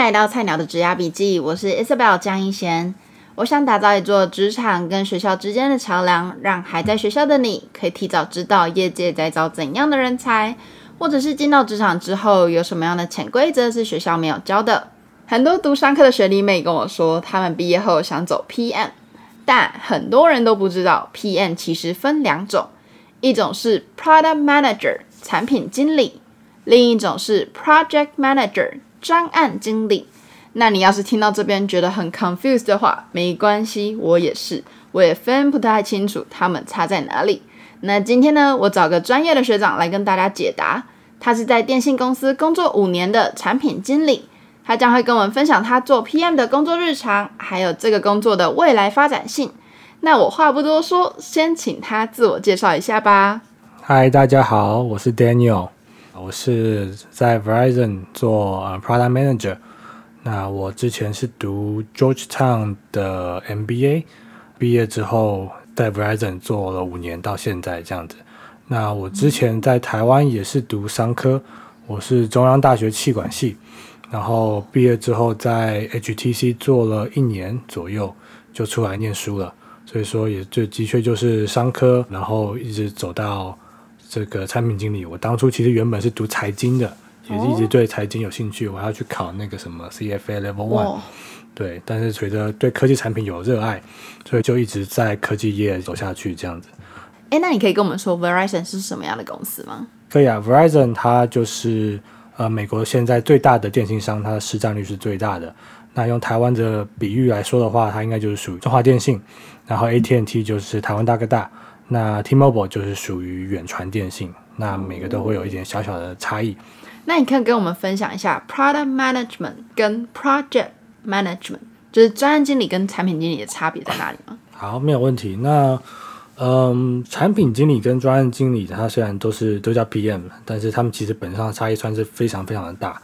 來到菜鳥的職涯筆記，我是 Isabelle 江一賢。我想打造一座職場跟學校之間的橋梁，讓還在學校的你可以提早知道業界在找怎樣的人才，或者是進到職場之後有什麼樣的潛規則是學校沒有教的。很多讀商科的學弟妹跟我說，他們畢業後想走 PM，但很多人都不知道 PM 其實分兩種，一種是 Product Manager 產品經理，另一種是 Project Manager。專案經理。那你要是聽到這邊覺得很 confused 的話，沒關係，我也是，我也分不太清楚他們差在哪裡。那今天呢，我找個專業的學長來跟大家解答，他是在電信公司工作五年的產品經理，他將會跟我們分享他做 PM 的工作日常，還有這個工作的未來發展性。那我話不多說，先請他自我介紹一下吧。Hi，大家好，我是 Daniel。我是在 Verizon 做呃 Product Manager，那我之前是讀 Georgetown 的 MBA，畢業之後在 Verizon 做了五年，到現在這樣子。那我之前在台灣也是讀商科，我是中央大學企管系，然後畢業之後在 HTC 做了一年左右就出來念書了，所以說也就的確就，就是商科，然後一直走到。這個產品經理，我當初其實原本是讀財經的，也是一直對財經有興趣。哦、我要去考那個什麼 CFA Level One，、哦、對。但是隨着對科技產品有熱愛，所以就一直在科技業走下去這樣子。誒，那你可以跟我們說 Verizon 是什麼樣的公司嗎？可以啊，Verizon 它就是呃美國現在最大的電信商，它的市占率是最大的。那用台灣的比喻來說的話，它應該就是屬於中華電信，然後 AT&T 就是台灣大哥大。嗯那 T-Mobile 就是屬於遠傳電信，那每個都會有一點小小的差異。哦、那你可以跟我們分享一下 product management 跟 project management，就是專案經理跟產品經理的差別在哪裡嗎？好，沒有問題。那嗯、呃，產品經理跟專案經理，他雖然都是都叫 PM，但是他們其實本質上差異算是非常非常的大。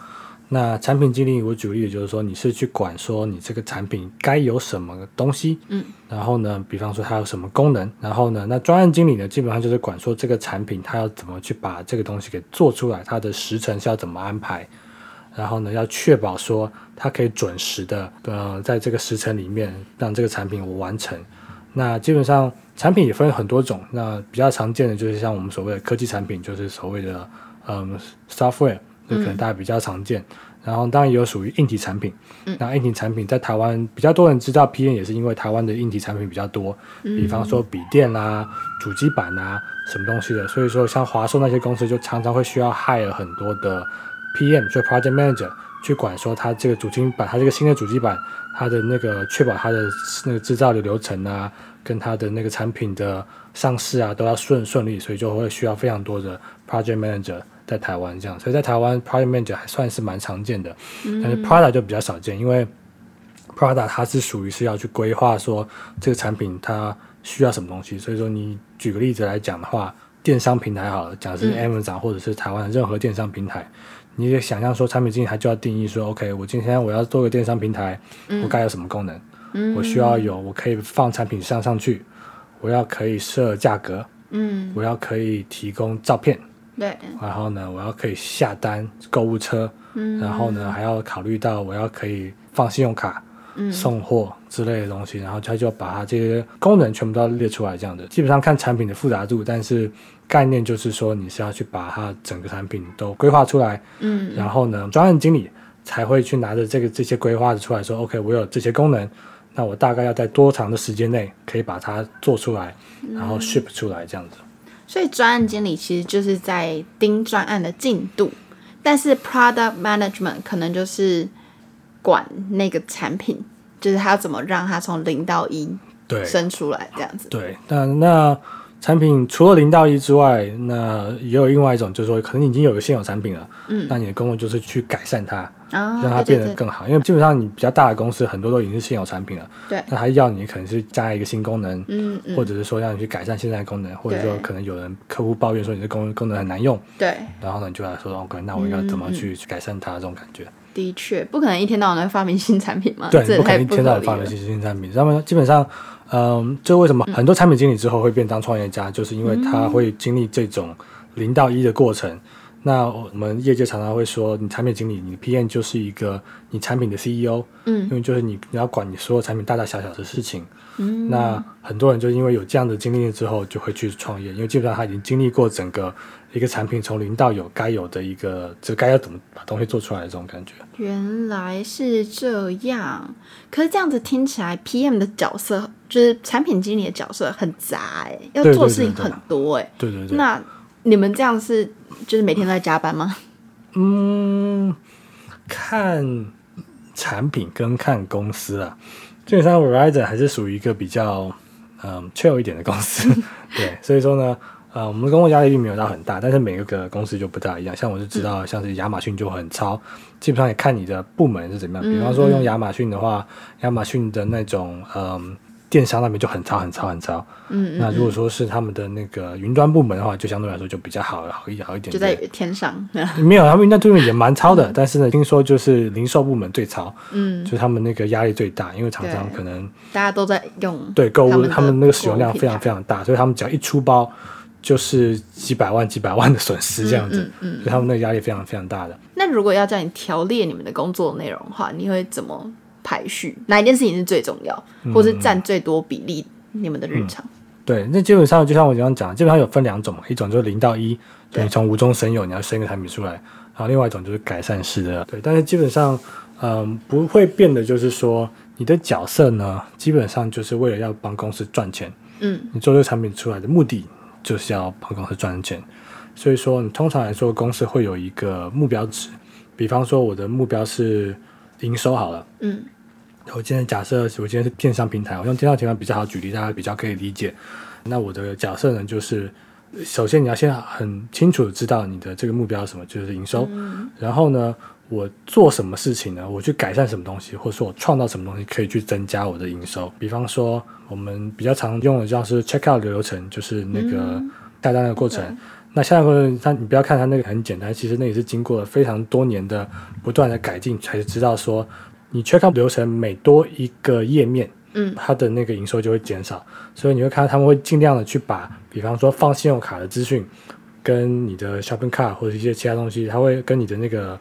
那產品經理我舉例，就是說，你是去管說你這個產品該有什麼東西，嗯，然後呢，比方說它有什麼功能，然後呢，那專案經理呢，基本上就是管說這個產品它要怎麼去把這個東西給做出來，它的時程是要怎麼安排，然後呢，要確保說它可以準時的，呃，在這個時程裡面讓這個產品我完成。嗯、那基本上產品也分很多種，那比較常見的就是像我們所謂的科技產品，就是所謂的嗯 software。就可能大家比較常見，嗯、然後當然也有屬於硬體產品，嗯、那硬體產品在台灣比較多人知道 PM 也是因為台灣的硬體產品比較多，比方說筆電啦、嗯、主機板啊什麼東西的，所以說像華碩那些公司就常常會需要 hire 很多的 PM，所以 Project Manager 去管說他這個主機板，他這個新的主機板，他的那個確保他的那個製造的流程啊，跟他的那個產品的上市啊都要順順利，所以就會需要非常多的 Project Manager。在台灣這樣，所以在台灣 Project Manager 還算是蠻常見的，嗯、但是 Product 就比較少見，因為 Product 它是屬於是要去規劃說這個產品它需要什麼東西。所以說你舉個例子來講的話，電商平台好了，講是 Amazon 或者是台灣的任何電商平台，嗯、你也想象說產品經理他就要定義說，OK，我今天我要做個電商平台，我該有什麼功能？嗯、我需要有我可以放產品上上去，我要可以設價格，嗯、我要可以提供照片。對，然後呢，我要可以下單、購物車，嗯，然後呢，還要考慮到我要可以放信用卡，嗯，送貨之類的東西，然後他就把他這些功能全部都列出來，這樣子，基本上看產品的複雜度，但是概念就是說你是要去把它整個產品都規劃出來，嗯，然後呢，專案經理才會去拿着這個這些規劃的出來說、嗯、OK，我有這些功能，那我大概要在多長的時間內可以把它做出來，然後 ship 出來這樣子。所以專案經理其實就是在盯專案的進度，但是 product management 可能就是管那個產品，就是他要怎麼讓他從零到一，對，生出來這樣子。對，但那。那產品除了零到一之外，那也有另外一種，就是說可能已經有個現有產品了。嗯。那你的工作就是去改善它，讓它變得更好。因為基本上你比較大的公司很多都已經是現有產品了。對。那他要你可能是加一個新功能，嗯，或者是說讓你去改善現在的功能，或者說可能有人客戶抱怨說你的功功能很難用。對。然後呢，你就來說，哦，那我要怎麼去改善它這種感覺？的確，不可能一天到晚在發明新產品嘛。對，不可能一天到晚發明新新產品，基本上。嗯，這為什麼很多產品經理之後會變當創業家，嗯、就是因為他會經歷這種零到一的過程。嗯、那我們業界常常會說，你產品經理，你的 PM 就是一個你產品的 CEO，嗯、因為就是你你要管你所有產品大大小小的事情。嗯、那很多人就因為有這樣的經歷之後，就會去創業，因為基本上他已經經歷過整個。一個產品從零到有該有的一個，就該要怎麼把東西做出來的這種感覺。原來是這樣，可是這樣子聽起來，PM 的角色就是產品經理的角色很雜哎，要做事情很多哎、欸。對,對對對。那你們這樣是就是每天都在加班嗎？嗯，看產品跟看公司啊，基本上 Verizon 還是屬於一個比較嗯 chill 一點的公司， 對，所以說呢。呃，我們的工作壓力並沒有到很大，但是每一個公司就不大一樣。像我就知道，像是亞馬遜就很超，基本上也看你的部門是怎麼樣。比方說用亞馬遜的話，亞馬遜的那種嗯電商那邊就很超，很超，很超。嗯，那如果說是他們的那個雲端部門的話，就相對來說就比較好，好一好一點。就在天上。沒有，他們雲端這邊也蠻超的，但是呢，聽說就是零售部門最超。嗯。就他們那個壓力最大，因為常常可能大家都在用，對購物，他們那個使用量非常非常大，所以他們只要一出包。就是幾百萬、幾百萬的損失這樣子，嗯嗯嗯、所以他們那個壓力非常非常大的。那如果要叫你條列你們的工作內容的話，你會怎麼排序？哪一件事情是最重要，嗯、或是佔最多比例？你們的日常、嗯嗯？對，那基本上就像我剛剛講，基本上有分兩種嘛，一種就是零到一對，你從無中生有，你要生一個產品出來；然後另外一種就是改善式的。對，但是基本上，嗯、呃，不會變的，就是說你的角色呢，基本上就是為了要幫公司賺錢。嗯，你做這個產品出來的目的。就是要幫公司賺錢，所以說，你通常來說，公司會有一個目標值，比方說，我的目標是營收好了。嗯，我今天假設，我今天是電商平台，我用電商平台比較好舉例，大家比較可以理解。那我的假設呢，就是首先你要先很清楚知道你的這個目標是什麼，就是營收。嗯，然後呢？我做什麼事情呢？我去改善什麼東西，或者說我創造什麼東西可以去增加我的營收？比方說，我們比較常用的，就是 checkout 流程，就是那個下單的過程。嗯、那下單過程 Okay.，你不要看它那個很簡單，其實那也是經過了非常多年的不斷的改進，才知道說，你 checkout 流程每多一個頁面，嗯，它的那個營收就會減少。所以你會看到他們會盡量的去把，比方說放信用卡的資訊，跟你的 shopping cart 或者一些其他東西，他會跟你的那個。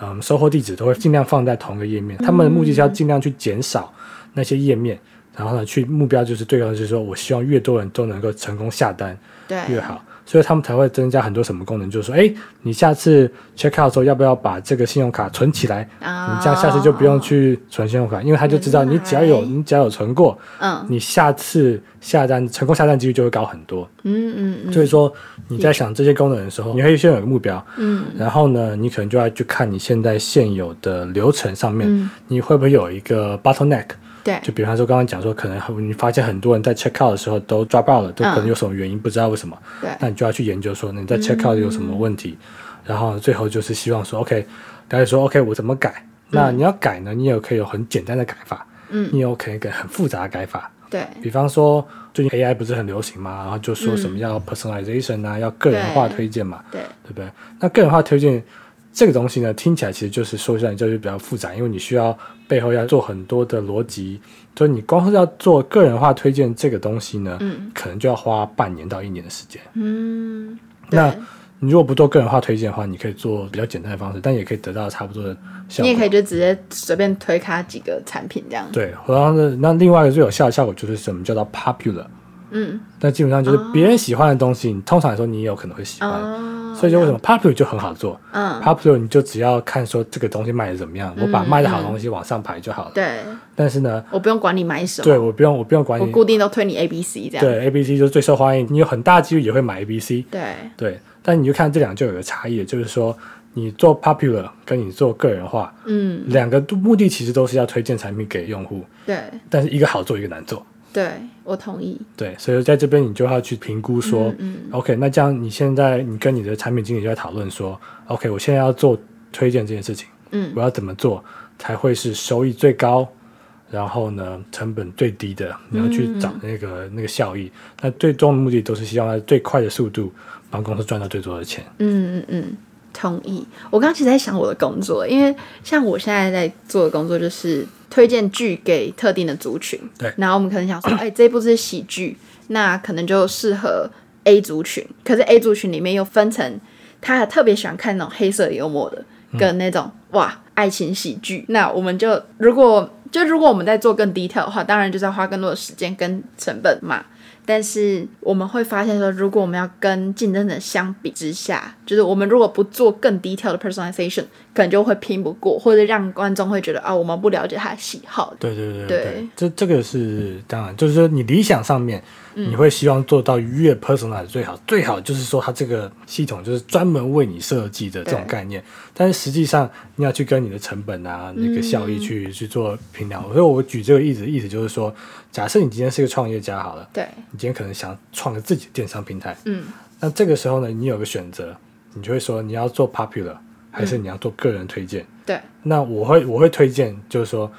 嗯，我們收貨地址都會盡量放在同一個頁面。他們的目的是要盡量去減少那些頁面，然後呢，去目標就是對方就是說我希望越多人都能夠成功下單，對越好。所以他們才會增加很多什麼功能，就是說，誒，你下次 check out 的時候要不要把這個信用卡存起來？Oh. 你這樣下次就不用去存信用卡，因為他就知道你只要有、oh. 你只要有存過，嗯，oh. 你下次下單成功下單幾率就會高很多。嗯嗯、mm，hmm. 所以說你在想這些功能的時候，Yeah. 你可以先有一個目標，嗯、mm，hmm. 然後呢，你可能就要去看你現在現有的流程上面，mm hmm. 你會不會有一個 bottleneck？對，就比方說，剛剛講說，可能你發現很多人在 check out 的時候都 drop out 了，都可能有什麼原因，不知道為什麼。對、嗯，那你就要去研究說，你在 check out 有什麼問題，嗯、然後最後就是希望說，OK，大家說，OK，我怎麼改？嗯、那你要改呢，你也可以有很簡單的改法，嗯，你也可以給很複雜的改法。對、嗯、比方說，最近 AI 不是很流行嘛，然後就說什麼要 personalization 呢、啊？嗯、要個人化推薦嘛？對，對不對？那個人化推薦。這個東西呢，聽起來其實就是說起來，這就會比較複雜，因為你需要背後要做很多的邏輯。所以你光是要做個人化推薦這個東西呢，嗯、可能就要花半年到一年的時間。嗯，那對你如果不做個人化推薦的話，你可以做比較簡單的方式，但也可以得到差不多的效果。你也可以就直接隨便推開幾個產品這樣。對，然後那另外一個最有效的效果就是什麼叫做 popular。嗯，但基本上就是別人喜歡的東西，你通常來說你也有可能會喜歡，所以就為什麼 popular 就很好做，嗯，popular 你就只要看說這個東西賣的怎麼樣，我把賣的好東西往上排就好了。對，但是呢，我不用管你買什麼，對，我不用，我不用管你，我固定都推你 A B C 這樣。對，A B C 就是最受歡迎，你有很大幾率也會買 A B C。對，對，但你就看這兩個就有個差異，就是說你做 popular 跟你做個人化，嗯，兩個目的其實都是要推薦產品給用戶，對，但是一個好做，一個難做。對，我同意。對，所以在這邊你就要去評估說嗯嗯，OK，那這樣你現在你跟你的產品經理就在討論說，OK，我現在要做推薦這件事情，嗯，我要怎麼做才會是收益最高，然後呢成本最低的，你要去找那個嗯嗯那個效益。那最終的目的都是希望在最快的速度幫公司賺到最多的錢。嗯嗯嗯，同意。我剛剛其實在想我的工作，因為像我現在在做的工作就是。推薦劇給特定的族群，對，然後我們可能想說，哎、 欸，這一部是喜劇，那可能就適合 A 族群。可是 A 族群裡面又分成，他還特別喜歡看那種黑色幽默的，跟那種、嗯、哇愛情喜劇。那我們就如果就如果我們在做更 detail 的話，當然就是要花更多的時間跟成本嘛。但是我們會發現，說如果我們要跟競爭者相比之下，就是我們如果不做更 detail 的 personalization，可能就會拼不過，或者讓觀眾會覺得啊，我們不了解他的喜好。對對，對對對，對，這這個是當然，就是說你理想上面。你會希望做到越 personal 最好，最好就是說它這個系統就是專門為你設計的這種概念。對但是實際上你要去跟你的成本啊、那個效益去，嗯、去做評量，所以我舉這個例子，意思就是說，假設你今天是個創業家好了，對，你今天可能想創個自己的電商平台，嗯，那這個時候呢，你有個選擇，你就會說你要做 popular 還是你要做個人推薦，嗯？對，那我會我會推薦就是說，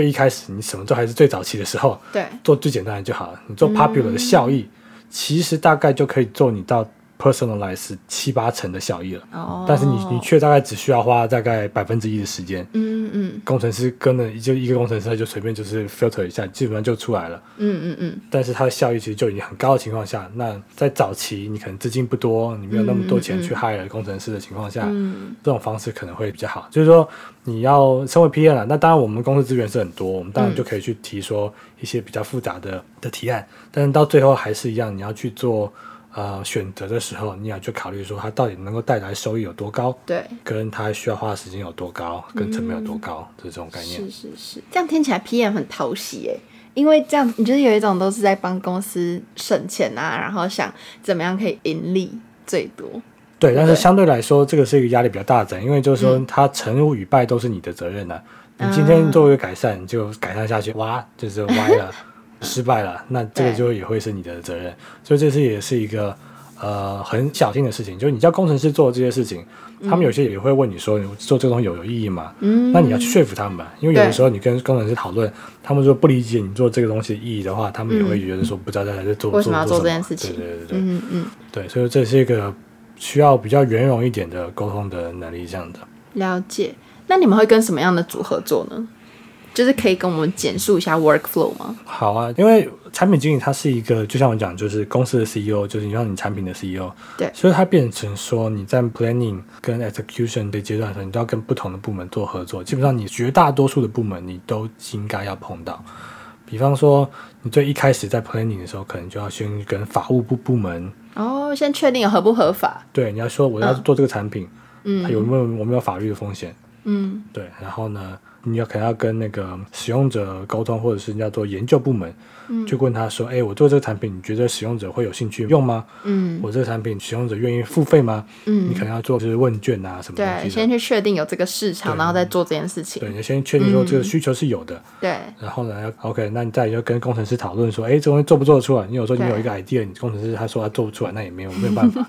最一開始，你什麼都還是最早期的時候，對，做最簡單的就好了。你做 popular 的效益，嗯、其實大概就可以做你到。personalize 七八成的效益了，oh. 但是你你卻大概只需要花大概百分之一的時間，嗯嗯、mm hmm. 工程師跟着就一個工程師就隨便就是 filter 一下，基本上就出來了，嗯嗯嗯。Hmm. 但是它的效益其實就已經很高的情況下，那在早期你可能資金不多，你沒有那麼多錢去 hire 工程師的情況下，mm hmm. 這種方式可能會比較好。就是說你要成為 PM 了、啊，那當然我們公司資源是很多，我們當然就可以去提說一些比較複雜的的提案，mm hmm. 但是到最後還是一樣，你要去做。呃，選擇的時候你要去考慮說它到底能夠帶來收益，有多高，對，跟它需要花的時間有多高，跟成本有多高、嗯、這種概念。是是是，這樣聽起來 PM 很討喜哎，因為這樣你覺得有一種都是在幫公司省錢啊，然後想怎麼樣可以盈利最多。對，對但是相對來說，這個是一個壓力比較大的，因為就是說它成功與敗都是你的責任呢、啊。嗯、你今天做一個改善，你就改善下去，哇，就是歪了。 失敗了，那這個就也會是你的責任。對所以這次也是一個，呃，很小心的事情。就是你叫工程師做這些事情，嗯、他們有些也會問你說，你做這種東西有有意義嗎？嗯，那你要去說服他們吧。因為有的時候你跟工程師討論，對他們如果不理解你做這個東西的意義的話，他們也會覺得說不知道在在做為什麼要做這件事情。對對對對，嗯，嗯嗯，對，所以這是一個需要比較圓融一點的溝通的能力這樣的。了解。那你們會跟什麼樣的組合作呢？就是可以跟我們簡述一下 workflow 嗎？好啊，因為產品經理他是一個，就像我講，就是公司的 CEO，就是你讓你產品的 CEO，對，所以他變成說你在 planning 跟 execution 的階段的時候，你都要跟不同的部門做合作。基本上你絕大多數的部門你都應該要碰到。比方說，你最一開始在 planning 的時候，可能就要先跟法務部部門哦，先確定合不合法。對，你要說我要做這個產品，嗯，它有沒有有沒有法律的風險？嗯，對，然後呢？你要可能要跟那個使用者溝通，或者是你要做研究部門，嗯，去問他說：“誒，我做這個產品，你覺得使用者會有興趣用嗎？嗯，我這個產品使用者願意付費嗎？嗯，你可能要做就是問卷啊什麼的，對，先去確定有這個市場，然後再做這件事情。對，你先確定說這個需求是有的。對，然後呢，OK，那你再就跟工程師討論說：“哎，這東西做不做得出來？你有時候你有一個 idea，你工程師他說他做不出來，那也沒有沒有辦法。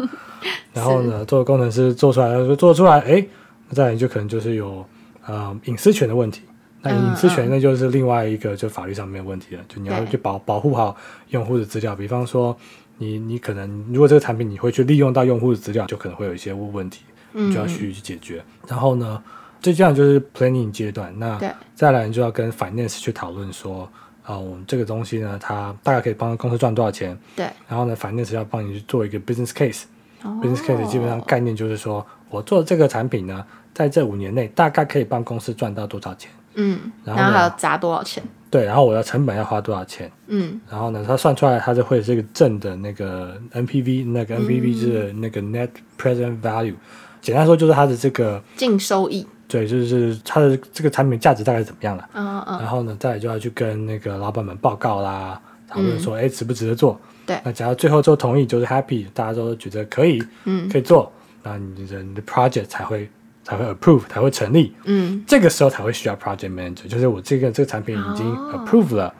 然後呢，做工程師做出來他說做出來，哎，再來就可能就是有。”呃、嗯，隱私權的問題，那隱私權那就是另外一個，就法律上沒有問題了。嗯、就你要去保對保護好用戶的資料，比方說你你可能如果這個產品你會去利用到用戶的資料，就可能會有一些問問題，你就要去，去解決。嗯、然後呢，最這樣就是 planning 階段，那再來就要跟 finance 去討論說啊，我們對、嗯、這個東西呢，它大概可以幫公司賺多少錢？對。然後呢，finance 要幫你去做一個 business case、哦、business case，business case 基本上概念就是說我做這個產品呢。在這五年內，大概可以幫公司賺到多少錢？嗯，然後，然後還要砸多少錢？對，然後我的成本要花多少錢？嗯，然後呢，他算出來，他就會是一個正的那個 NPV，那個 NPV 就是那個 Net Present Value、嗯、簡單說就是它的這個淨收益。對，就是它的這個產品價值大概是怎麼樣了？嗯嗯、然後呢，再來就要去跟那個老闆們報告啦，然後就說，哎、嗯，值不值得做？對、嗯。那只要最後就同意，就是 Happy，大家都覺得可以，嗯，可以做，那你的 project 才會。才會 approve，才會成立。嗯，這個時候才會需要 project manager，就是我這個這個產品已經 approve、哦、了，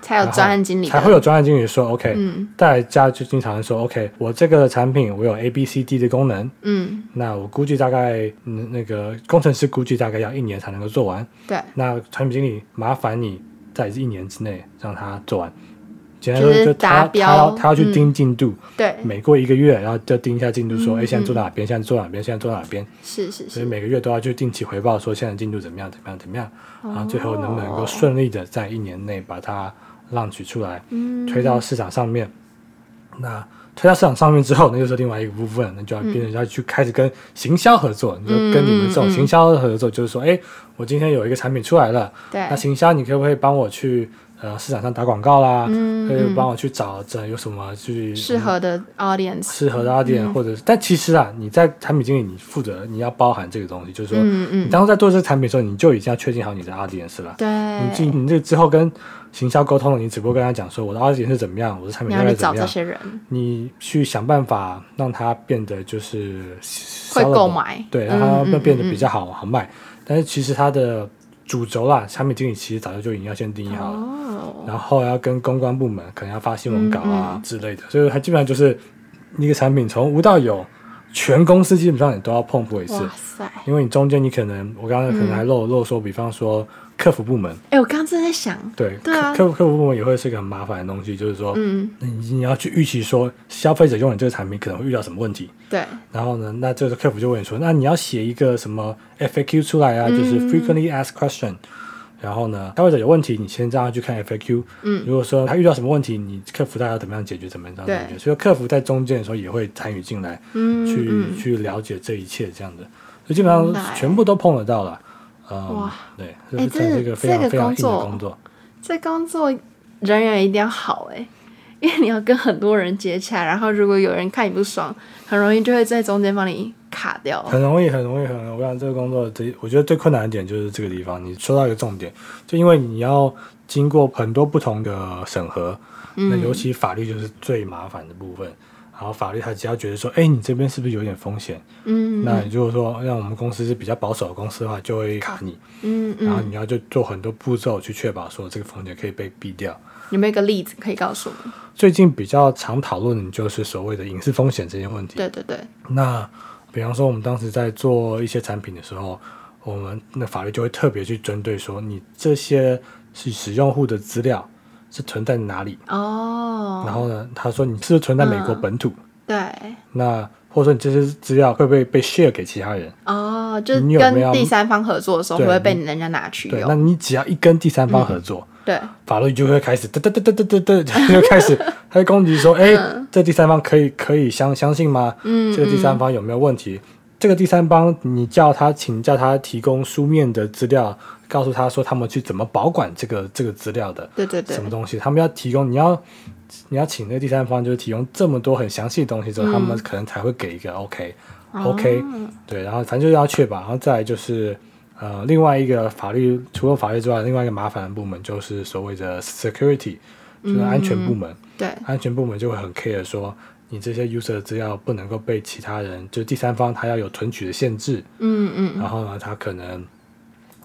才有專案經理，才會有專案經理說 OK。嗯，大家就經常說 OK，我這個產品我有 A B C D 的功能。嗯，那我估計大概、嗯、那個工程師估計大概要一年才能夠做完。對，那產品經理麻煩你在一年之內讓他做完。就是達標，他他要去盯進度，對，每過一個月，然後就盯一下進度，說，哎，現在做到哪邊，現在做哪邊，現在做哪邊，是是是，所以每個月都要去定期回報，說現在進度怎麼樣，怎麼樣，怎麼樣，然後最後能不能夠順利的在一年內把它 launch 出來，推到市場上面。那推到市場上面之後，那就是另外一個部分，那就要跟人家去開始跟行銷合作，你就跟你們這種行銷的合作，就是說，哎，我今天有一個產品出來了，那行銷，你可不可以幫我去？呃，市場上打廣告啦，可以幫我去找，找有什麼去適合的 audience，適合的 audience，或者是，但其實啊，你在產品經理，你負責，你要包含這個東西，就是說，嗯，你當時在做這個產品的時候，你就已經要確定好你的 audience 了。對，你進你這之後跟行銷溝通了，你只不過跟他講說，我的 audience 是怎麼樣，我的產品應該是怎麼樣，你去想辦法讓他變得就是會購買，對，讓他變得比較好好賣，但是其實他的。主軸啦，產品經理其實早就就已經要先定義好了，哦、然後要跟公關部門可能要發新聞稿啊之類的，嗯嗯，所以它基本上就是一個產品從無到有，全公司基本上你都要碰過一次。哇塞。因為你中間你可能，我剛剛可能還漏漏說，嗯、比方說。客服部門，哎，我剛剛正在想，對，客服客服部門也會是一個很麻煩的東西，就是說，嗯，你你要去預期說消費者用你這個產品可能會遇到什麼問題，對，然後呢，那這個客服就問你說，那你要寫一個什麼 FAQ 出來啊，就是 Frequently Asked Question，然後呢，消費者有問題，你先讓他去看 FAQ，嗯，如果說他遇到什麼問題，你客服大概要怎麼樣解決，怎麼樣解決，所以客服在中間的時候也會參與進來，嗯，去去了解這一切這樣子，就基本上全部都碰得到了。啊，嗯、哇對，哎，是這個工作，這工作人員一定要好哎、欸，因為你要跟很多人接洽，然後如果有人看你不爽，很容易就會在中間幫你卡掉，很容易，很容易，很容易。我想這個工作最，我覺得最困難的點就是這個地方，你說到一個重點，就因為你要經過很多不同的審核，那尤其法律就是最麻煩的部分。嗯然後法律他只要覺得說，哎，你這邊是不是有點風險？嗯，那如果說讓我們公司是比較保守的公司的話，就會卡你。嗯嗯。嗯然後你要就做很多步驟去確保說這個風險可以被避掉。有沒有一個例子可以告訴我？最近比較常討論的就是所謂的隱私風險這些問題。對對對。那比方說，我們當時在做一些產品的時候，我們那法律就會特別去針對說，你這些是使用者的資料。是存在哪裡？哦，oh, 然後呢？他說你是不是存在美國本土？嗯、對，那或者說你這些資料會不會被 share 給其他人？哦，oh, 就是你跟第三方合作的時候會不會被人家拿去有有對對？那你只要一跟第三方合作，嗯、對，法律就會開始噠噠噠噠噠噠，他就開始他攻擊說：哎、 欸，這第三方可以可以相相信嗎？嗯，這個第三方有沒有問題？這個第三方，你叫他，請叫他提供書面的資料，告訴他說他們去怎麼保管這個這個資料的。對對對，什麼東西，他們要提供，你要你要請那個第三方，就是提供這麼多很詳細的東西之後，嗯，他們可能才會給一個 OK，嗯，OK, 對，然後咱就要確保。然後再就是呃，另外一個法律，除了法律之外，另外一個麻煩的部門就是所謂的 security，就是安全部門。嗯嗯對，安全部門就會很 care 說，你這些 user 資料不能夠被其他人，就第三方，他要有存取的限制。嗯嗯。嗯然後呢，他可能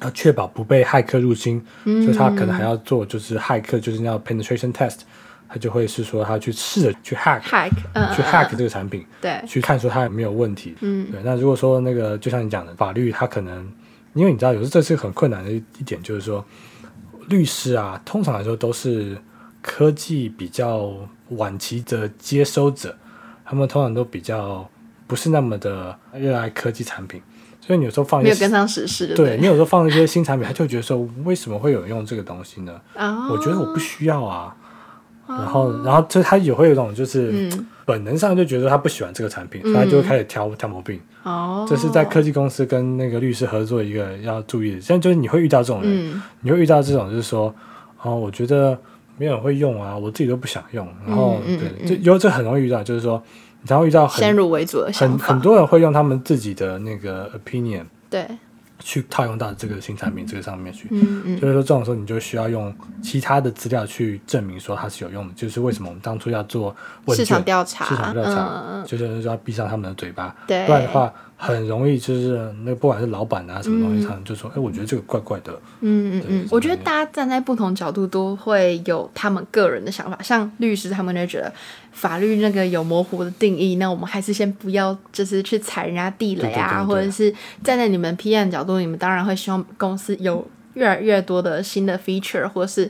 要確保不被駭客入侵，嗯、所以他可能還要做，就是駭客，就是那 penetration test，他就會是說他去試着去 hack，hack，、嗯、去 hack 這個產品，對、嗯，去看說他有沒有問題。嗯，對。那如果說那個，就像你講的，法律他可能，因為你知道，有時候這是很困難的一一點，就是說，律師啊，通常來說都是。科技比較晚期的接收者，他們通常都比較不是那麼的熱愛科技產品，所以你有時候放一些，沒有跟上時事就對了。對，對你有時候放一些新產品， 他就覺得說為什麼會有人用這個東西呢？Oh, 我覺得我不需要啊。Oh. 然後，然後，就他也會有一種就是、mm. 本能上就覺得他不喜歡這個產品，所以他就會開始挑、mm. 挑毛病。Oh. 這是在科技公司跟那個律師合作一個要注意的，像就是你會遇到這種人，mm. 你會遇到這種就是說，哦，我覺得。沒有人會用啊，我自己都不想用。然後，對，因為、嗯嗯嗯、這，這很容易遇到，就是說，你才會遇到先入為主的，很很，很多人會用他們自己的那個 opinion。對。去套用到這個新產品這個上面去，嗯嗯、所以說這種時候你就需要用其他的資料去證明說它是有用的，就是為什麼我們當初要做市場調查，市場調查、嗯、就是要閉上他們的嘴巴，對，不然的話很容易就是那不管是老闆啊什麼東西、嗯、他們就說，哎、欸，我覺得這個怪怪的，嗯嗯嗯，我覺得大家站在不同角度都會有他們個人的想法，像律師他們就覺得。法律那個有模糊的定義，那我們還是先不要，就是去踩人家地雷啊，對對對對，或者是站在你們 PM 角度，你們當然會希望公司有越來越多的新的 feature，或者是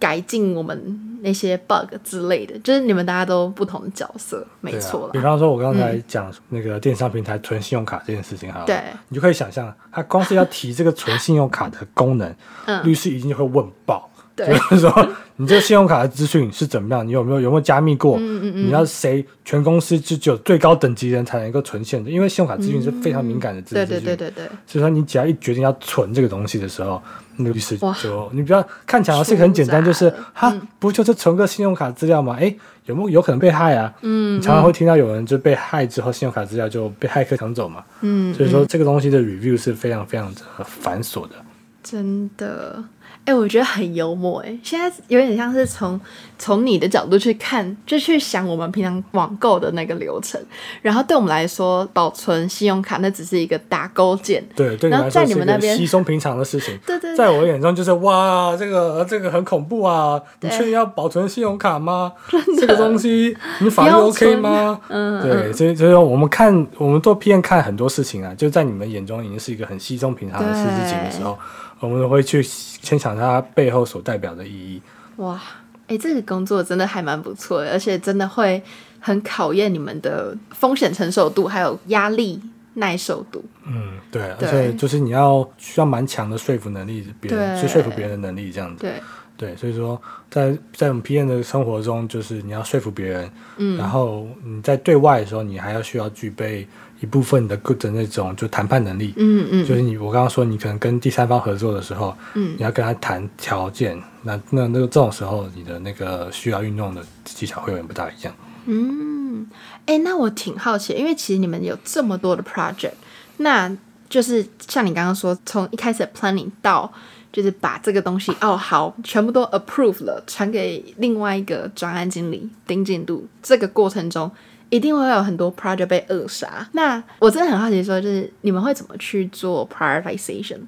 改進我們那些 bug 之類的。就是你們大家都不同的角色，沒錯、啊。比方說，我剛才講那個電商平台存信用卡這件事情，哈、嗯，對你就可以想象，他公司光是要提這個存信用卡的功能， 嗯、律師一定會問爆。對 就是說，你這個信用卡的資訊是怎麼樣？你有沒有有沒有加密過？嗯嗯嗯、你要誰？全公司就只有最高等級的人才能夠存線的，因為信用卡資訊是非常敏感的資訊、嗯嗯。對對對對。所以說，你只要一決定要存這個東西的時候，那律師就你不要哇，看起來是很簡單，就是哈，不就是存個信用卡資料嗎？哎、欸，有沒有有可能被駭？啊？嗯。你常常會聽到有人就被駭之後，信用卡資料就被駭客搶走嘛。嗯。所以說，嗯、這個東西的 review 是非常非常的繁瑣的。真的。哎、欸，我覺得很幽默哎、欸！現在有點像是從從你的角度去看，就去想我們平常網購的那個流程，然後對我們來說，保存信用卡那只是一個打勾鍵，對，對你在你們在是那個稀鬆平常的事情。 對，對對，在我眼中就是哇，這個這個很恐怖啊！對你確定要保存信用卡嗎？對這個東西你法律 OK 嗎？嗯，對，所以所以說我們看我們做 PM 看很多事情啊，就在你們眼中已經是一個很稀鬆平常的事情的時候，我們會去先想它背後所代表的意義。哇，哎、欸，這個工作真的還蠻不錯，而且真的會很考驗你們的風險承受度，還有壓力耐受度。嗯，對，對而且就是你要需要蠻強的說服能力別，別人去說服別人的能力這樣子。對，對，所以說在在我們 PM 的生活中，就是你要說服別人，嗯、然後你在對外的時候，你還要需要具備。一部分的 good 的那種就談判能力，嗯嗯，嗯，就是你我剛剛說你可能跟第三方合作的時候，嗯，你要跟他談條件，嗯、那那那個這種時候，你的那個需要運用的技巧會有點不大一樣。嗯，哎、欸，那我挺好奇，因為其實你們有這麼多的 project，那就是像你剛剛說，從一開始的 planning 到就是把這個東西 哦，好全部都 approve 了，傳給另外一個專案經理盯進度，這個過程中，一定會有很多 project 被扼殺。那我真的很好奇，說就是你們會怎麼去做 prioritization，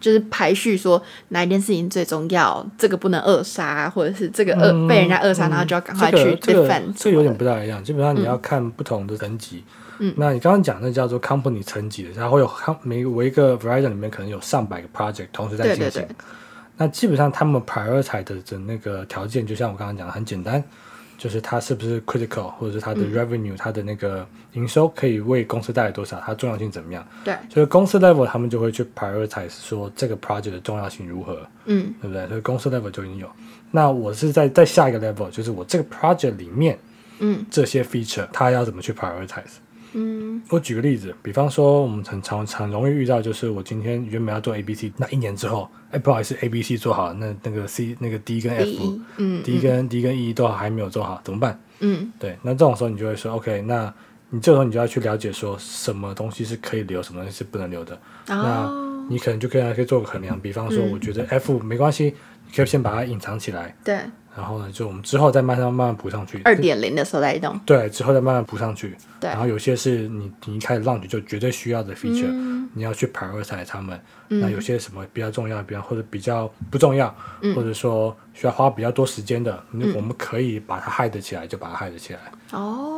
就是排序，說哪一件事情最重要，這個不能扼殺，或者是這個扼、嗯、被人家扼殺，嗯、然後就要趕快去 defend、這個。這個、有點不太一樣，基本上你要看不同的層級。嗯，那你剛剛講那叫做 company 層級，然它會有每我一個 Verizon 裡面可能有上百個 project 同時在進行。對對對，那基本上他們 prioritized 的那個條件，就像我剛剛講的，很簡單。就是它是不是 critical，或者是它的 revenue，、嗯、它的那個營收可以為公司帶來多少，它重要性怎麼樣？對，就是公司 level 他們就會去 prioritize 說這個 project 的重要性如何？嗯，對不對？所以公司 level 就已經有。那我是在在下一個 level，就是我這個 project 裡面，嗯，這些 feature 它要怎麼去 prioritize？嗯，我舉個例子，比方說我們很常、常容易遇到，就是我今天原本要做 A B C，那一年之後，哎，不好意思，A B C 做好了，那那個 C、那個 D 跟 F，D，嗯，D 跟 D 跟 E 都還沒有做好，怎麼辦？嗯，對，那這種時候你就會說，OK，那你這時候你就要去了解，說什麼東西是可以留，什麼東西是不能留的，哦、那你可能就可以、啊、可以做個衡量，比方說，我覺得 F 沒關係，你可以先把它隱藏起來，對。然後呢，就我們之後再慢慢慢慢補上去。二點零的時候再動。對，之後再慢慢補上去。對，然後有些是你你一開始 launch，你就絕對需要的 feature、嗯、你要去 prioritize 他們。嗯、那有些什麼比較重要，比較或者比較不重要，嗯、或者說需要花比較多時間的，嗯、我們可以把它 hide 起來，嗯、就把它 hide 起來。哦。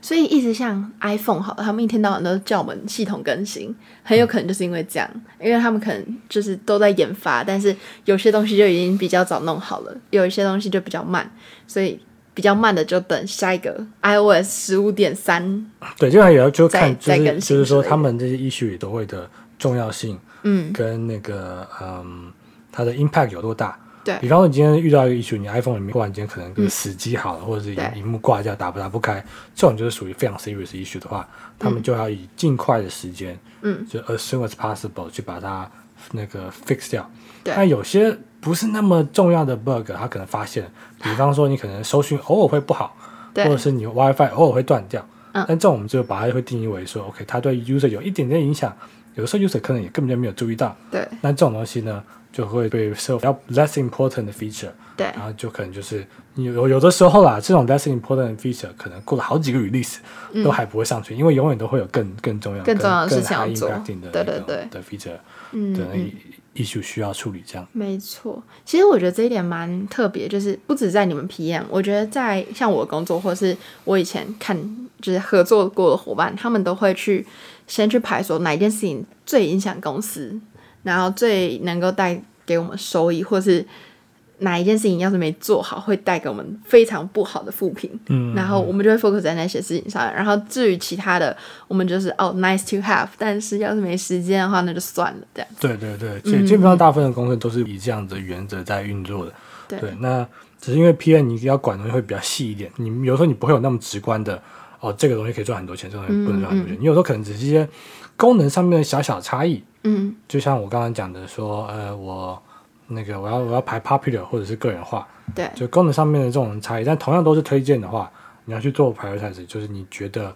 所以一直像 iPhone 好，他們一天到晚都叫我們系統更新，很有可能就是因為這樣，嗯、因為他們可能就是都在研發，但是有些東西就已經比較早弄好了，有一些東西就比較慢，所以比較慢的就等下一個 iOS 十五點三。對，就還也要就看就是更新就是說他們這些 issue 也都會的重要性，嗯，跟那個嗯，嗯，它的 impact 有多大。比方說，你今天遇到一個 issue，你 iPhone 裡面忽然間可能死機好了，或者是熒幕掛掉，打不打不開，這種就是屬於非常 serious issue 的話，他們就要以儘快的時間，嗯，就 as soon as possible 去把它那個 fix 掉。但有些不是那麼重要的 bug，它可能發現，比方說你可能搜尋偶爾會不好，或者是你 WiFi 偶爾會斷掉，但這種我們就把它會定義為說，OK，它對 user 有一點點影響，有的時候 user 可能也根本就沒有注意到。對，那這種東西呢？就會被設比較 less important 的 feature，對，然後就可能就是有有的時候啦，這種 less important feature 可能過了好幾個 release、嗯、都還不會上去，因為永遠都會有更更重,更重要的、更重要的、事情要做。h i 對對對的 feature，嗯,嗯，對藝術需要處理這樣。沒錯，其實我覺得這一點蠻特別，就是不止在你們 PM，我覺得在像我工作，或是我以前看就是合作過的伙伴，他們都會去先去排說哪一件事情最影響公司。然後最能夠帶給我們收益，或是哪一件事情要是沒做好，會帶給我們非常不好的負評，嗯，然後我們就會 focus 在那些事情上。然後至於其他的，我們就是哦 nice to have，但是要是沒時間的話，那就算了這樣。對對對，其實基本上大部分的工作都是以這樣的原則在運作的。嗯、對，對那只是因為 PM 你要管東西會比較細一點，你有時候你不會有那麼直觀的哦，這個東西可以賺很多錢，這個東西不能賺很多錢，嗯、你有時候可能只是一些。功能上面的小小差異，嗯，就像我剛剛講的，說，呃，我那個我要我要排 popular 或者是個人化，對，就功能上面的這種差異，但同樣都是推薦的話，你要去做排位 z e 就是你覺得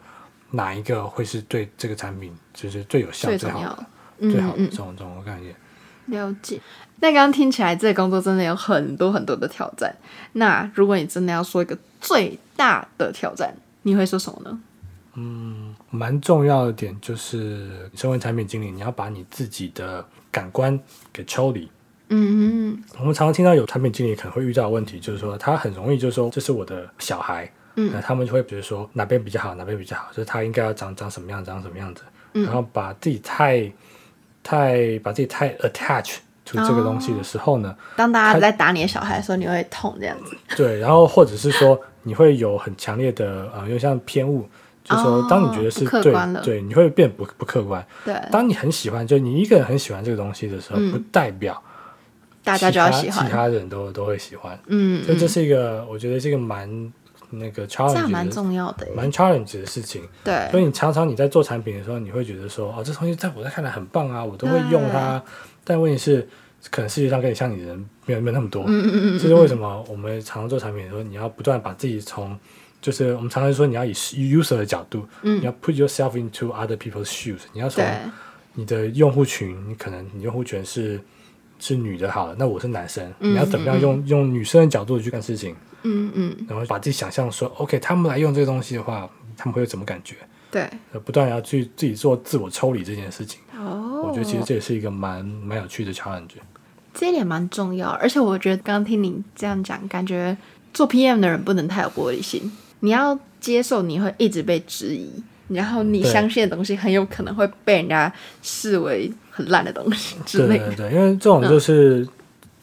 哪一個會是對這個產品就是最有效、最,最好的、嗯嗯最好的這種這種感覺。了解。那剛剛聽起來，這個工作真的有很多很多的挑戰。那如果你真的要說一個最大的挑戰，你會說什麼呢？嗯。蠻重要的點就是，身為產品經理，你要把你自己的感官給抽離。嗯嗯哼。我們常常聽到有產品經理可能會遇到的問題，就是說他很容易就說這是我的小孩，嗯，那他們就會比如說哪邊比較好，哪邊比較好，就是他應該要長長什麼樣，長什麼樣子，樣子嗯，然後把自己太太把自己太 attach 就這個東西的時候呢，哦，當大家在打你的小孩的時候，你會痛這樣子。對，然後或者是說你會有很強烈的 呃，因為像偏誤。就是說，當你覺得是、oh, 客觀，對，對，你會變不不客觀。對當你很喜歡，就你一個人很喜歡這個東西的時候，嗯、不代表其他其他人都都會喜歡。嗯，嗯，所以這是一個，我覺得是一個蠻那個 CHALLENGE 的，蠻 challenge 的事情。對，所以你常常你在做產品的時候，你會覺得說，哦，這東西我在我在看來很棒啊，我都會用它啊。對但問題是，可能世界上跟你像你的人沒有沒有那麼多。嗯、這、嗯、是、嗯嗯、為什麼我們常常做產品的時候，你要不斷把自己從。就是我們常常說，你要以 user 的角度，嗯、你要 put yourself into other people's shoes 對。你要從你的用戶群，你可能你用戶群是是女的，好了，那我是男生，嗯嗯嗯你要怎麼樣用用女生的角度去幹事情？嗯嗯，然後把自己想象說，OK，他們來用這個東西的話，他們會有什麼感覺？對，不斷要去自己做自我抽離這件事情。哦，我覺得其實這也是一個蠻蠻有趣的挑戰。這一點蠻重要，而且我覺得剛,剛聽你這樣講，感覺做 PM 的人不能太有玻璃心。你要接受你會一直被質疑，然後你相信的東西很有可能會被人家視為很爛的東西之類的。對，對，對，因為這種就是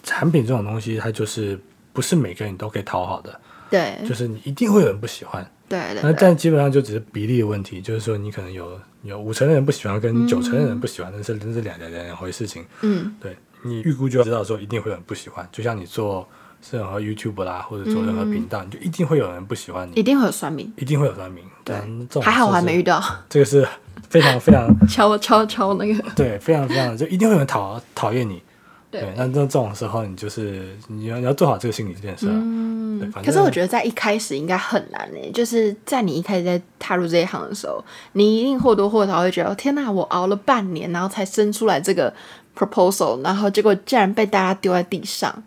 產品這種東西，它就是不是每個人都可以討好的。嗯、對，就是你一定會有人不喜歡。對，對對。那但基本上就只是比例的問題，就是說你可能有有五成的人不喜歡，跟九成的人不喜歡，那是那是兩兩兩回事情。嗯，對，你預估就要知道說一定會有人不喜歡，就像你做任何 YouTube 啦，或者做任何頻道，嗯、你就一定會有人不喜歡你。一定會有酸民，一定會有酸民。對但還好，我還沒遇到。這個是非常非常敲敲敲那個。對，非常非常，就一定會有人討討厭你。對，那那對這種時候，你就是你要你要做好這個心理建設、啊。嗯。可是我覺得在一開始應該很難呢、欸，就是在你一開始在踏入這一行的時候，你一定或多或少會覺得，天哪、啊，我熬了半年，然後才生出來這個 proposal，然後結果竟然被大家丟在地上。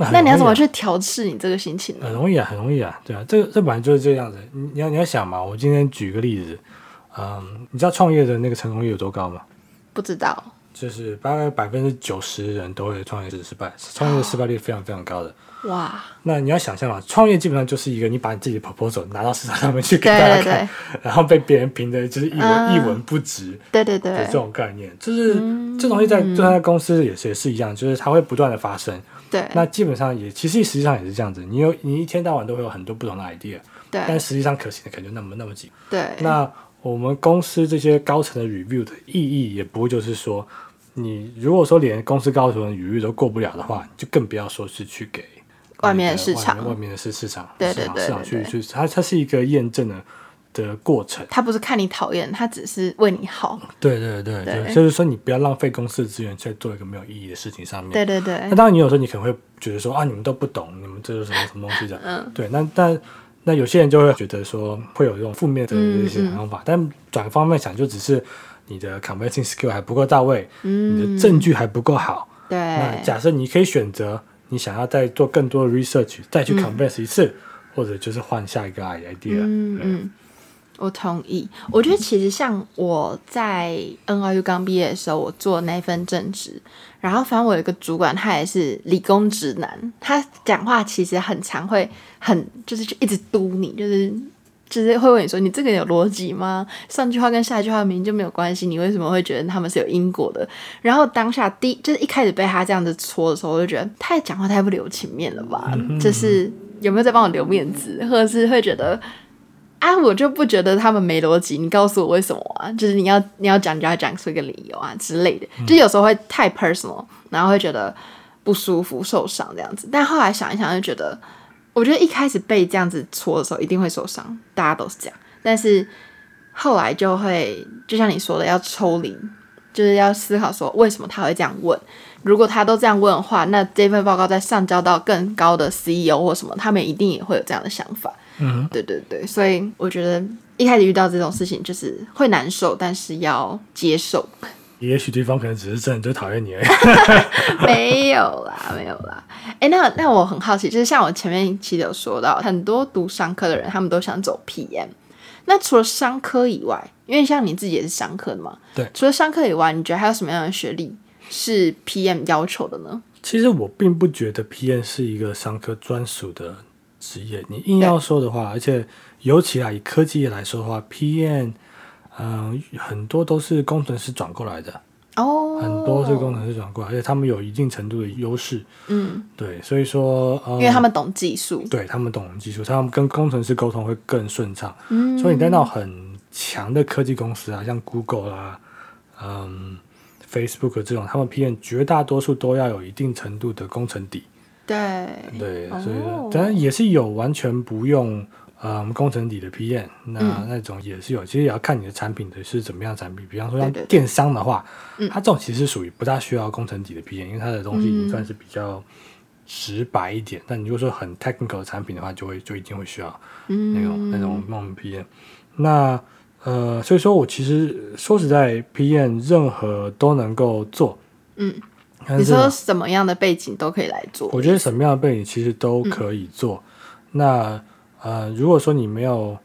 那，啊、那你要怎麼去調適你這個心情呢？很容易啊，很容易啊，對啊，這這本來就是這樣子。你你要你要想嘛，我今天舉個例子，嗯，你知道創業的那個成功率有多高嗎？不知道。就是大概百分之九十的人都會創業失敗，創業失敗率非常非常高的。Oh. 哇，那你要想象嘛，創業基本上就是一個你把你自己的 proposal 拿到市場上，上面去給大家看，對對，然後被別人評的，就是一文、嗯、一文不值。對對對，這種概念，對對對就是、嗯、這東西在就算在、嗯、公司也是也是一樣，就是它會不斷的發生。對，那基本上也其實實際上也是這樣子，你有你一天到晚都會有很多不同的 idea，對但實際上可行的可能就那麼那麼幾個。對，那我們公司這些高層的 review 的意義，也不會就是說，你如果說連公司高層的 review 都過不了的話，就更不要說是去給。外面的市場，啊、外，面外面的市市場，對，對對對，市場，市場去去，它它是一個驗證的的過程。它不是看你討厭，它只是為你好。對對對，對，對，對，就是說你不要浪費公司的資源去做一個沒有意義的事情上面。對對對。那當然，你有時候你可能會覺得說啊，你們都不懂，你們這是什麼什麼東西的。嗯。 對，那但，但那有些人就會覺得說，會有這種負面的一些想法。嗯、但轉個方面想，就只是你的 converting skill 還不夠到位，嗯、你的證據還不夠好。對。那假設你可以選擇。你想要再做更多的 research，再去 converse 一次，嗯、或者就是換下一個 idea、嗯。對嗯，我同意。我覺得其實像我在 NYU 剛畢業的時候，我做的那份正職，然後反正我有一個主管，他也是理工直男，他講話其實很常會很就是就一直督你，就是。就是會問你說：“你這個有邏輯嗎？上句話跟下一句話明明就沒有關係，你為什麼會覺得他們是有因果的？”然後當下第一就是一開始被他這樣子戳的時候，我就覺得太講話太不留情面了吧？就是有沒有在幫我留面子，或者是會覺得啊，我就不覺得他們沒邏輯，你告訴我為什麼啊？就是你要你要講，就要講出一個理由啊之類的。就有時候會太 personal，然後會覺得不舒服、受傷這樣子。但後來想一想，就覺得。我覺得一開始被這樣子戳的時候一定會受傷，大家都是這樣。但是後來就會，就像你說的，要抽離，就是要思考說為什麼他會這樣問。如果他都這樣問的話，那這份報告再上交到更高的 CEO 或什麼，他們一定也會有這樣的想法。嗯哼，對對對。所以我覺得一開始遇到這種事情就是會難受，但是要接受。也許對方可能只是真的就討厭你而已。沒有啦，沒有啦。誒、欸，那那我很好奇，就是像我前面一期有說到，很多讀商科的人，他們都想走 PM。那除了商科以外，因為像你自己也是商科的嘛，對。除了商科以外，你覺得還有什麼樣的學歷是 PM 要求的呢？其實我並不覺得 PM 是一個商科專屬的職業。你硬要說的話，對而且尤其啊，以科技業來說的話，PM。嗯，很多都是工程師轉過來的哦，oh. 很多是工程師轉過來，而且他們有一定程度的優勢。嗯，對，所以說，嗯、因為他們懂技術，對他們懂技術，他們跟工程師溝通會更順暢。嗯，所以你在那種很強的科技公司啊，像 Google 啦、啊，嗯，Facebook 這種，他們 PM 絕大多數都要有一定程度的工程底。對，對，所以當然、oh. 也是有完全不用。啊，我們、嗯、工程底的 PM 那那種也是有，其實也要看你的產品的是怎麼樣的產品。嗯、比方說像電商的話，對對對嗯、它這種其實屬於不大需要工程底的 PM，、嗯、因為它的東西已經算是比較直白一點。嗯、但你如果說很 technical 的產品的話，就會就一定會需要那種、嗯、那種工程 PM。那呃，所以說我其實說實在，PM 任何都能夠做。嗯，是你說什麼樣的背景都可以來做？我覺得什麼樣的背景其實都可以做。嗯、那。呃，如果說你沒有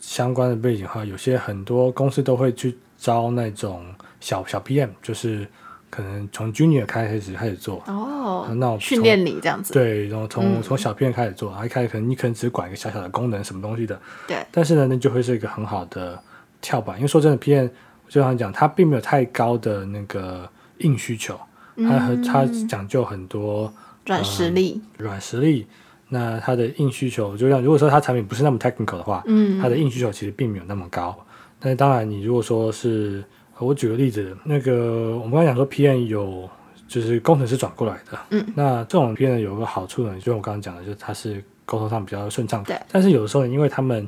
相關的背景的話，有些很多公司都會去招那種小小 PM，就是可能從 Junior 開始開始做哦，那訓練你這樣子，對，然後從、嗯、從小 PM 開始做，然後一開始可能你可能只管一個小小的功能什麼東西的，對，但是呢，那就會是一個很好的跳板，因為說真的，PM 就像講，它並沒有太高的那個硬需求，它和、嗯、它講究很多軟實力、呃，軟實力。那它的硬需求，就像如果說它產品不是那麼 technical 的話，嗯、它的硬需求其實並沒有那麼高。但是當然，你如果說是，我舉個例子，那個我們剛才講說，PM 有就是工程師轉過來的，嗯、那這種 PM 有個好處呢，就是我剛剛講的，就是它是溝通上比較順暢，對。但是有的時候呢，因為他們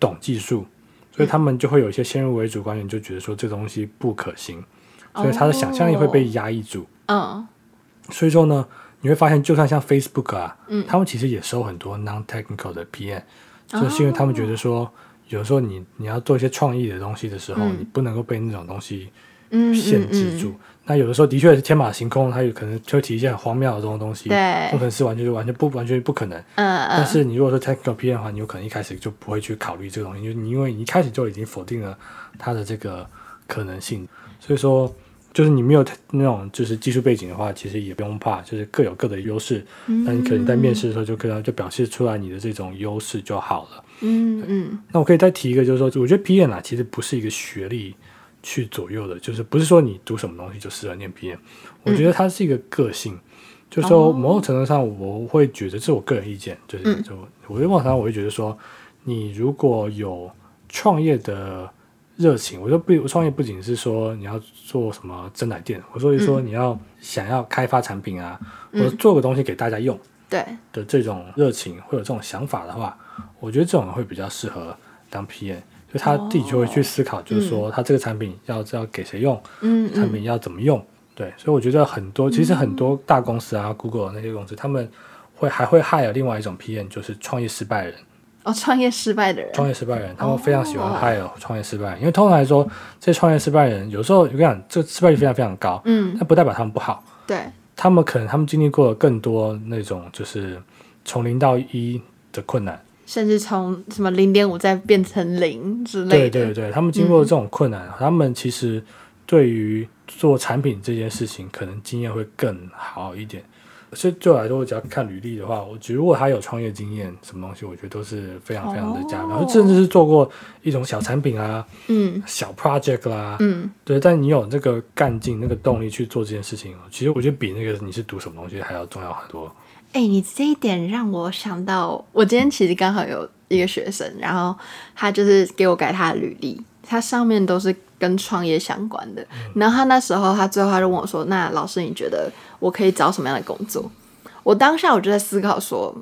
懂技術，所以他們就會有一些先入為主觀念，就覺得說這東西不可行，所以他的想象力會被壓抑住。嗯、哦，哦、所以說呢。你會發現，就算像，像 Facebook 啊，嗯、他們其實也收很多 non technical 的 PM，、哦、就是因為他們覺得說，有時候你你要做一些創意的東西的時候，嗯、你不能夠被那種東西限制住。嗯嗯嗯，那有的時候的確是天馬行空，它有可能就會提一些很荒謬的這種東西，對，可能是完全就完全不完全不可能。呃、但是你如果說 technical PM 的話，你有可能一開始就不會去考慮這個東西，就你因為你一開始就已經否定了它的這個可能性，所以說。就是你沒有那種就是技術背景的話，其實也不用怕，就是各有各的優勢。那你可能在面試的時候就可能就表示出來你的這種優勢就好了。嗯嗯。對嗯，那我可以再提一個，就是說，我覺得 PM 呢，其實不是一個學歷去左右的，就是不是說你讀什麼東西就適合念 PM，我覺得它是一個個性。嗯、就是說，某種程度上我會覺得，是我個人意見，嗯、就是就我覺得，某種程度上我會覺得說，你如果有創業的熱情，我就不，我創業，不僅是說你要做什麼珍奶店，我所以說你要想要開發產品啊，或者、嗯、做個東西給大家用，對的這種熱情，會有、嗯、這種想法的話，我覺得這種人會比較適合當 PM，所以他自己就會去思考，就是說他這個產品要、嗯、要給誰用嗯，嗯，產品要怎麼用，對，所以我覺得很多，其實很多大公司啊、嗯、，Google 那些公司，他們會還會 hire 另外一種 PM，就是創業失敗的人。哦，創業失敗的人，創業失敗人，他們非常喜歡 hire、哦 oh, oh, oh. 創業失敗，因為通常來說，這些創業失敗人有時候，我跟你講，這個失敗率非常非常高，嗯，但不代表他們不好，對，他們可能他們經歷過了更多那種就是從零到一的困難，甚至從什麼零點五再變成零之類的，對對對，他們經過這種困難，嗯、他們其實對於做產品這件事情，可能經驗會更好一點。所以就我來說，只要看履歷的話，我覺得如果他有創業經驗，什麼東西，我覺得都是非常非常的加分。甚至是做過一種小產品啊，嗯，mm. 小 project 啦，嗯，mm. 對。但你有這個幹勁、那個動力去做這件事情，其實我覺得比那個你是讀什麼東西還要重要很多。哎、欸，你這一點讓我想到，我今天其實剛好有一個學生，然後他就是給我改他的履歷。他上面都是跟創業相關的，然後他那時候他最後他就問我說：“那老師，你覺得我可以找什麼樣的工作？”我當下我就在思考說，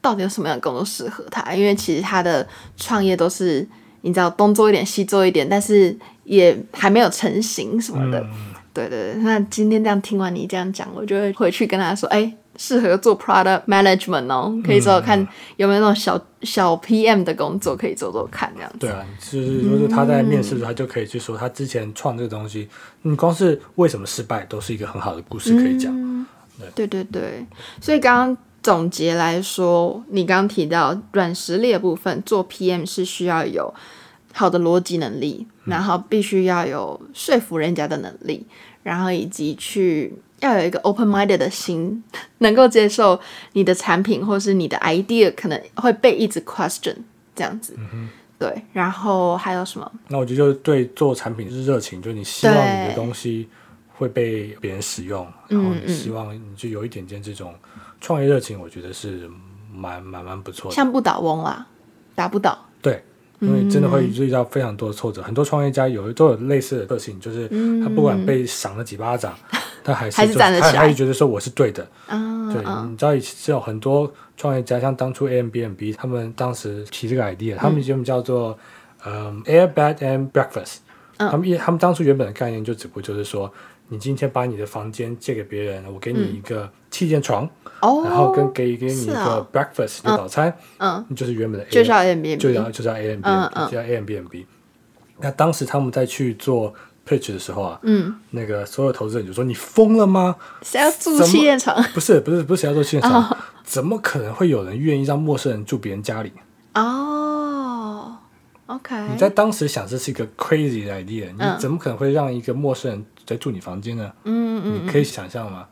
到底有什麼樣的工作適合他？因為其實他的創業都是你知道東做一點西做一點，但是也還沒有成型什麼的。對對對，那今天這樣聽完你這樣講，我就會回去跟他說：“哎、欸。”適合做 product management 哦，可以做做看有沒有那種小、嗯、小 PM 的工作可以做做看這樣子。對啊，就是如果他在面試的時候，他就可以去說他之前創這個東西，你、嗯嗯、光是為什麼失敗，都是一個很好的故事可以講。嗯、對對對對，所以剛剛總結來說，你剛提到軟實力的部分，做 PM 是需要有好的邏輯能力，然後必須要有說服人家的能力，然後以及去。要有一個 open minded 的心，能夠接受你的產品或是你的 idea 可能會被一直 question 這樣子，嗯、哼對。然後還有什麼？那我覺得就是對做產品是熱情，就是你希望你的東西會被別人使用，對然後你希望你就有一點點這種創業熱情，我覺得是蠻蠻不錯的。像不倒翁啦，打不倒。對，因為真的會遇到非常多的挫折。嗯、很多創業家有都有類似的特性，就是他不管被賞了幾巴掌。嗯他還是還是賺還是覺得說我是對的。啊、嗯，對，嗯、你知道，你知道很多創業家，像當初 Airbnb 他們當時提這個 idea，、嗯、他們其實我們叫做，嗯、呃、，Air Bed and Breakfast。嗯。他們一他們當初原本的概念就只不過就是說，你今天把你的房間借給別人，我給你一個氣墊床，嗯、然後跟給給你一個 breakfast，的早餐，嗯、哦，就是原本的 Airbnb，就叫就叫 Airb、嗯嗯、nb 叫 Airbnb 那當時他們在去做。pitch 的時候啊，嗯，那個所有投資人就說：“你瘋了嗎？誰要住氣墊床，不是不是不是誰要住氣墊床。oh. 怎麼可能會有人願意讓陌生人住別人家裡？哦、oh,OK。你在當時想這是一個 crazy 的 idea，你怎麼可能會讓一個陌生人在住你房間呢？嗯嗯，你可以想象嗎？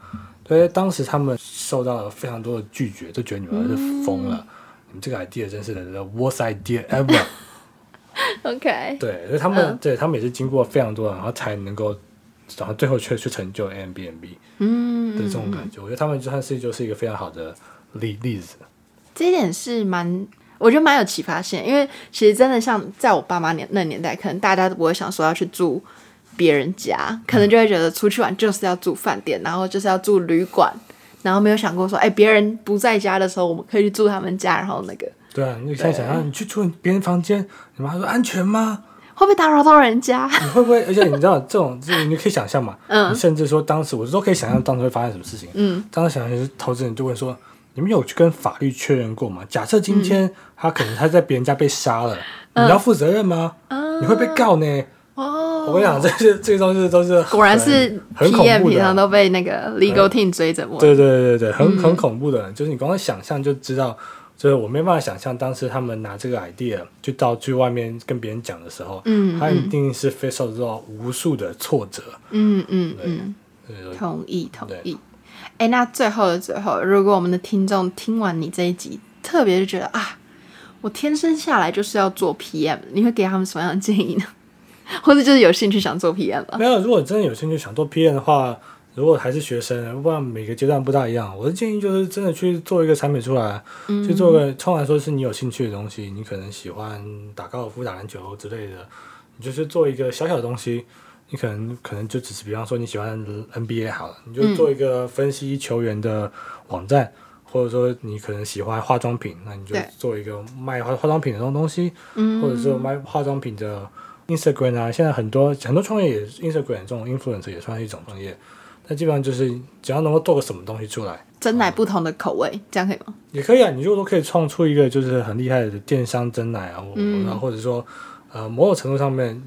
所以、嗯、當時他們受到了非常多的拒絕，都覺得你們是瘋了。嗯、你們這個 idea 真是的、就是、the worst idea ever。” OK，對，所以他們、嗯、對他們也是經過非常多的，然後才能夠，然後最後卻去，去成就 Airbnb，嗯，的對、嗯、這種感覺，嗯、我覺得他們就算是就是一個非常好的例例子。這一點是蠻，我覺得蠻有啟發性，因為其實真的像在我爸媽年那年代，可能大家都不會想說要去住別人家，可能就會覺得出去玩就是要住飯店，嗯、然後就是要住旅館，然後沒有想過說，哎，別人不在家的時候，我們可以去住他們家，然後那個。對啊，你現在想象你去住別人房間，你媽說安全嗎？會不會打擾到人家？你會不會？而且你知道這種，這你可以想象嘛？嗯。甚至說，當時我都可以想象當時會發生什麼事情。嗯。當時，想象就是投資人就問說：“你們有去跟法律確認過嗎？假設今天他可能他在別人家被殺了，你要負責任嗎？你會被告呢？”哦。我跟你講，這些這些東西都是果然是很恐怖的。平常都被那個 legal team 追着我。對對對對很很恐怖的，就是你剛剛想象就知道。所以我沒辦法想象，當時他們拿這個 idea 去到最外面跟別人講的時候，嗯，嗯他一定是非受到無數的挫折。嗯嗯對嗯，嗯同，同意同意。哎對、欸，那最後的最後，如果我們的聽眾聽完你這一集，特別是覺得啊，我天生下來就是要做 PM，你會給他們什麼樣的建議呢？或者就是有興趣想做 PM，沒有？如果真的有興趣想做 PM 的話。如果還是學生，不管每個階段不大一樣。我的建議就是，真的去做一個產品出來，嗯嗯去做個，通常說是你有興趣的東西，你可能喜歡打高爾夫、打籃球之類的，你就是做一個小小的東西。你可能可能就只是，比方說你喜歡 NBA 好了，你就做一個分析球員的網站，嗯、或者說你可能喜歡化妝品，那你就做一個賣化化妝品的這種東西，嗯嗯或者說賣化妝品的 Instagram 啊。現在很多很多創業也 Instagram 這種 influence 也算是一種創業。那基本上就是，只要能夠做個什麼東西出來，珍奶不同的口味，嗯、這樣可以嗎？也可以啊，你如果都可以創出一個就是很厲害的電商珍奶啊，然後、嗯、或者說呃某種程度上面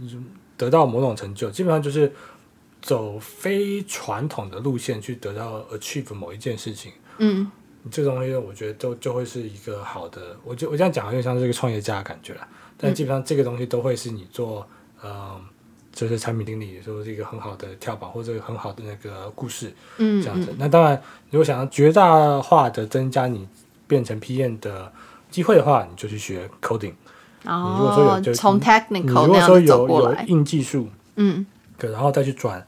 得到某種成就，基本上就是走非傳統的路線去得到 achieve 某一件事情，嗯，這個東西我覺得都就會是一個好的，我就我這樣講，有點像是一個創業家的感覺啦，但基本上這個東西都會是你做，嗯。呃就是產品經理，也說、就是一個很好的跳板，或者很好的那個故事，嗯，這樣子。嗯嗯、那當然，如果想要絕大化的增加你變成 PM 的機會的話，你就去學 coding。你如果說有從 technical，你如果說有有硬技術，嗯，可然後再去轉。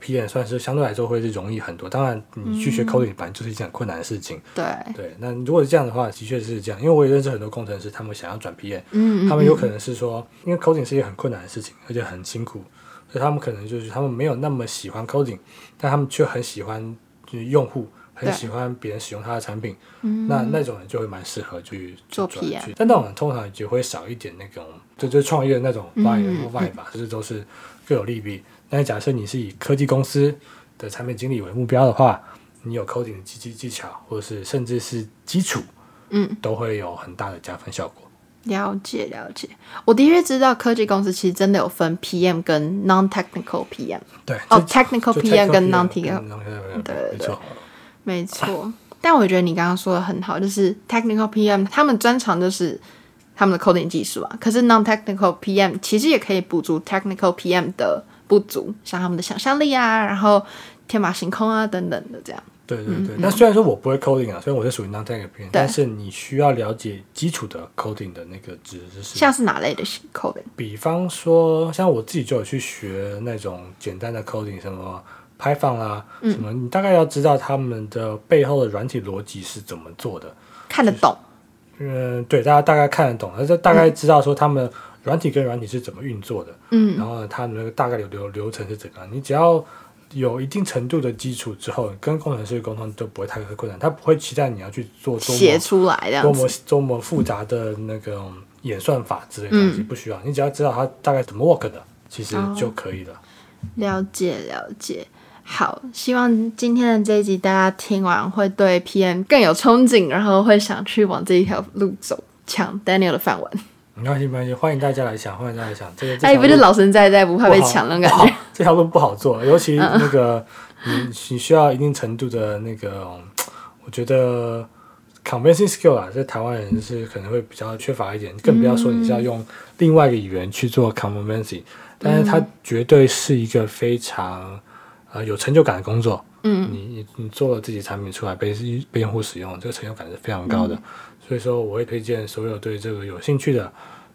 PM 算是相對來說會是容易很多，當然你去學 coding 反正就是一件很困難的事情。嗯、對對，那如果是這樣的話，的確是這樣，因為我也認識很多工程師，他們想要轉 PM，、嗯、他們有可能是說，嗯、因為 coding 是一件很困難的事情，而且很辛苦，所以他們可能就是他們沒有那麼喜歡 coding，但他們卻很喜歡就是用戶，很喜歡別人使用他的產品，對那那種人就會蠻適合去做 PM PM，但那種人通常就會少一點那種、個，就就創業的那種 buy 吧，就是都是各有利弊。但是，假設你是以科技公司的產品經理為目標的話，你有 coding 技技技巧，或者是甚至是基礎，嗯，都會有很大的加分效果。了解了解，我的確知道科技公司其實真的有分 PM 跟 non technical PM。對哦，technical PM 跟 non technical 對，沒錯沒錯。但我覺得你剛剛說的很好，就是 technical PM 他們專長就是他們的 coding 技術啊。可是 non technical PM 其實也可以補足 technical PM 的。不足，像他們的想象力啊，然後天馬行空啊等等的這樣。對對對，那、嗯、雖然說我不會 coding 啊，嗯、雖然我是屬於 non tech 對但是你需要了解基礎的 coding 的那個知識，就是。像是哪類的 coding？比方說，像我自己就有去學那種簡單的 coding，什麼 Python 啊，嗯、什麼你大概要知道他們的背後的軟體邏輯是怎麼做的，看得懂。嗯、就是呃，對，大家大概看得懂，而且大概知道說他們、嗯。軟體跟軟體是怎麼運作的？嗯，然後它的那個大概有流流流程是怎樣？個你只要有一定程度的基礎之後，跟工程師溝通都不會太困難。他不會期待你要去做寫出來這，多麼多麼複雜的那個演算法之類的東西，嗯、不需要。你只要知道它大概怎麼 work 的，其實就可以了。哦、了解了解，好，希望今天的這一集大家聽完，會對 PM 更有憧憬，然後會想去往這一條路走，搶 Daniel 的飯碗。沒關係，沒關係。歡迎大家來搶，歡迎大家來搶。這個，哎，不是老神在在，不怕被搶了感覺。這條路不好做，尤其那個、嗯、你你需要一定程度的那個，我覺得 convincing skill 啊，在台灣人是可能會比較缺乏一點，嗯、更不要說你需要用另外一個語言去做 convincing，嗯、但是它絕對是一個非常呃有成就感的工作。嗯，你你你做了自己的產品出來，被被用戶使用，這個成就感是非常高的。嗯所以說，我會推薦所有對這個有興趣的，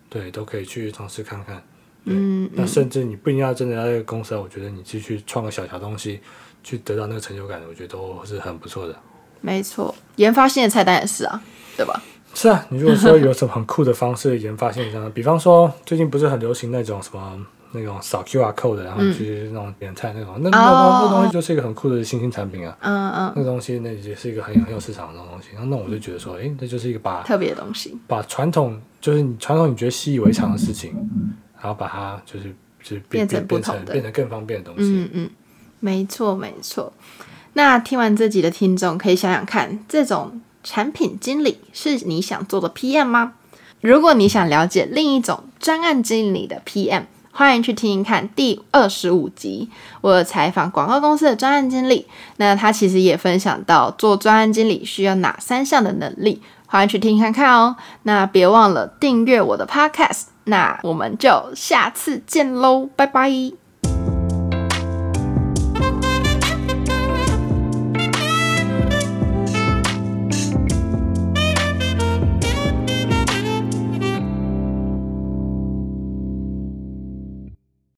對，都可以去嘗試看看。嗯，那甚至你不一定要真的要這個公司，我覺得你繼續創個小小東西，去得到那個成就感，我覺得都是很不錯的。沒錯，研發新的菜單也是啊，對吧？是啊，你如果說有什麼很酷的方式研發新的菜單 比方說最近不是很流行那種什麼。那種掃 QR code 的，然後去那種點菜那種，那那那東西就是一個很酷的新興產品啊。嗯嗯、oh.，那東西那也是一個很有市場的那種東西。然後那我就覺得說，哎、欸，那就是一個把特別的東西，把傳統就是你傳統你覺得習以為常的事情，嗯、然後把它就是就是變，變成不同的，變得更方便的東西。嗯嗯，沒錯沒錯。那聽完這集的聽眾可以想想看，這種產品經理是你想做的 PM 嗎？如果你想了解另一種專案經理的 PM。歡迎去聽聽看第二十五集，我有採訪廣告公司的專案經理，那他其實也分享到做專案經理需要哪三項的能力，歡迎去聽聽看看哦。那別忘了訂閱我的 podcast，那我們就下次見嘍，拜拜。